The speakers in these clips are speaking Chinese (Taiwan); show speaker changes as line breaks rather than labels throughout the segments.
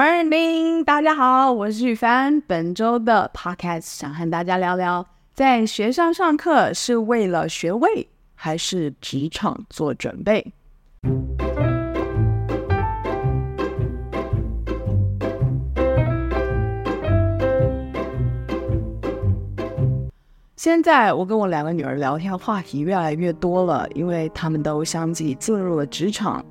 Morning，大家好，我是宇凡。本週的 podcast 想和大家聊聊，在學校上，上課是為了學位，還是職場做準備？現在我跟我兩個女兒聊天的話題越來越多了，因為她們都相繼進入了職場。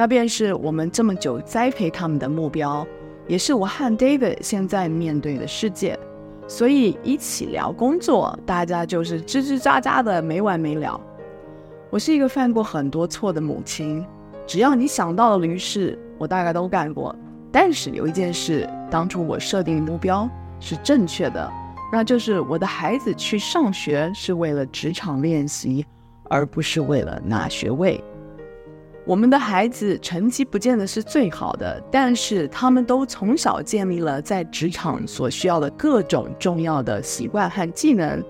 那便是我們這麼久栽培他們的目標，也是我和 David 現在面對的世界。所以一起聊工作，大家就是吱吱喳喳的沒完沒了。我是一個犯過很多錯的母親，只要你想到的事，我大概都幹過。但是有一件事，當初我設定的目標是正確的，那就是我的孩子去上學是為了職場練習，而不是為了拿學位。我們的孩子成績不見得是最好的，但是他們都從小建立了在職場所需要的各種重要的習慣和技能，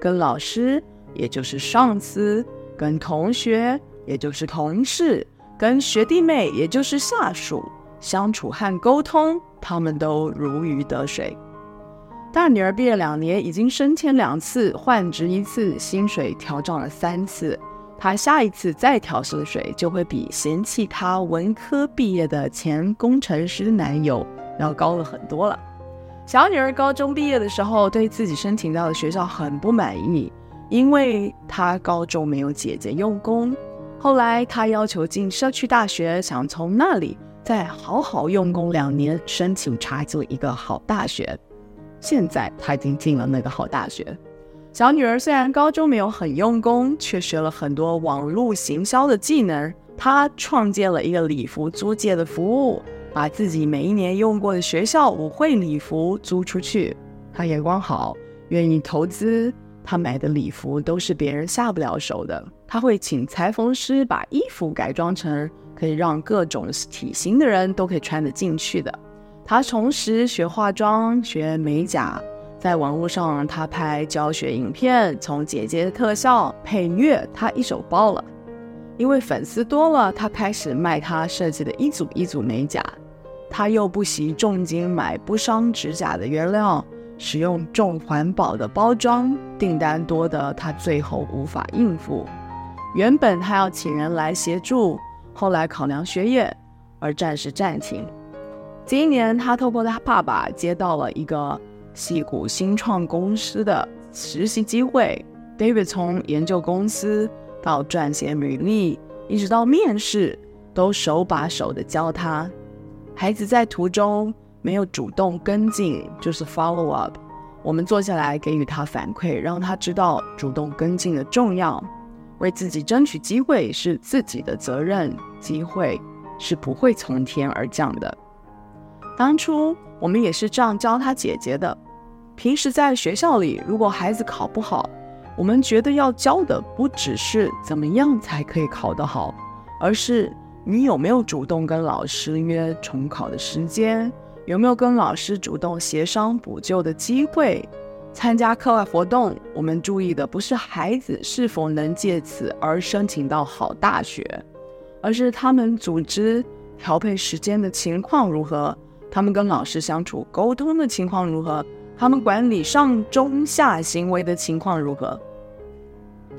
跟老師也就是上司，跟同學也就是同事，跟學弟妹也就是下屬相處和溝通，他們都如魚得水。大女兒畢業兩年，已經升遷兩次，換職一次，薪水調漲了三次。她下一次再調薪水，就會比嫌棄她文科畢業的前工程師男友要高了很多了。小女兒高中畢業的時候，對自己申請到的學校很不滿意，因為她高中沒有姐姐用功。後來她要求進社區大學，想從那裡再好好用功兩年，申請插足一個好大學。現在她已經進了那個好大學。小女兒雖然高中沒有很用功，卻學了很多網絡行銷的技能。她創建了一個禮服租借的服務，把自己每一年用過的學校舞會禮服租出去。她眼光好，願意投資。她買的禮服都是別人下不了手的。她會請裁縫師把衣服改裝成可以讓各種體型的人都可以穿得進去的。她同時學化妝，學美甲。在網絡上，他拍教學影片，從剪接、特效、配樂，他一手包了。因為粉絲多了，他開始賣他設計的一組一組美甲。他又不惜重金買不傷指甲的原料，使用重環保的包裝。訂單多得他最後無法應付。原本他要請人來協助，後來考量學業，而暫時暫停。今年他透過他爸爸接到了一個。矽谷新創公司的實習機會，David 從研究公司到撰寫履歷，一直到面試，都手把手的教他。孩子在途中沒有主動跟進，就是 follow up。我們坐下來給予他反饋，讓他知道主動跟進的重要。為自己爭取機會是自己的責任，機會是不會從天而降的。當初我們也是這樣教他姐姐的。平時在學校裡，如果孩子考不好，我們覺得要教的不只是怎麼樣才可以考得好，而是你有沒有主動跟老師約重考的時間，有沒有跟老師主動協商補救的機會。參加課外活動，我們注意的不是孩子是否能借此而申請到好大學，而是他們組織調配時間的情況如何，他們跟老師相處溝通的情況如何。他們管理上中下行為的情況如何？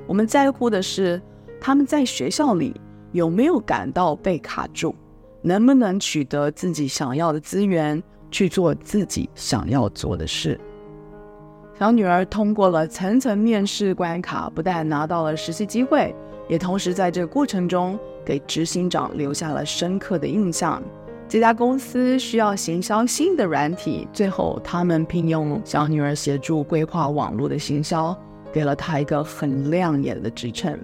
我們在乎的是他們在學校裡有沒有感到被卡住，能不能取得自己想要的資源去做自己想要做的事。小女兒通過了層層面試關卡，不但拿到了實習機會，也同時在這個過程中給執行長留下了深刻的印象。這家公司需要行銷新的軟體，最後他們聘用小女兒協助規劃網絡的行銷，給了她一個很亮眼的職稱。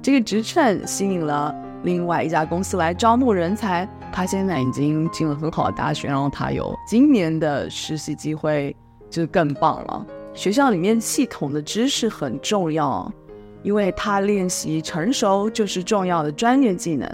這個職稱吸引了另外一家公司來招募人才。她現在已經進了很好的大學，然後她有今年的實習機會，就更棒了。學校裡面系統的知識很重要，因為她練習成熟就是重要的專業技能，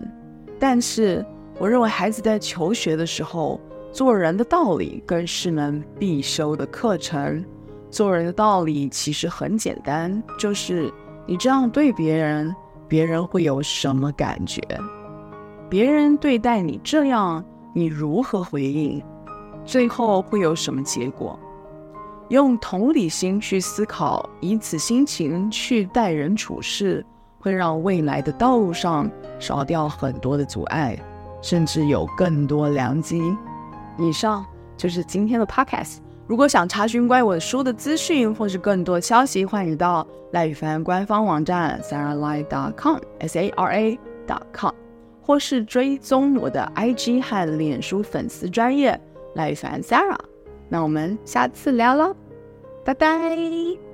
但是，我認為孩子在求學的時候，做人的道理更是門必修的課程。做人的道理其實很簡單，就是你這樣對別人，別人會有什麼感覺？別人對待你這樣，你如何回應？最後會有什麼結果？用同理心去思考，以此心情去待人處事，會讓未來的道路上少掉很多的阻礙。甚至有更多良機。以上就是今天的 podcast。如果想查詢關於我的書的資訊或是更多消息，歡迎到賴宇凡官方網站 saralye.com S A R A.com，或是追蹤我的 IG 和臉書粉絲專業賴宇凡 Sara。那我們下次聊囉，拜拜。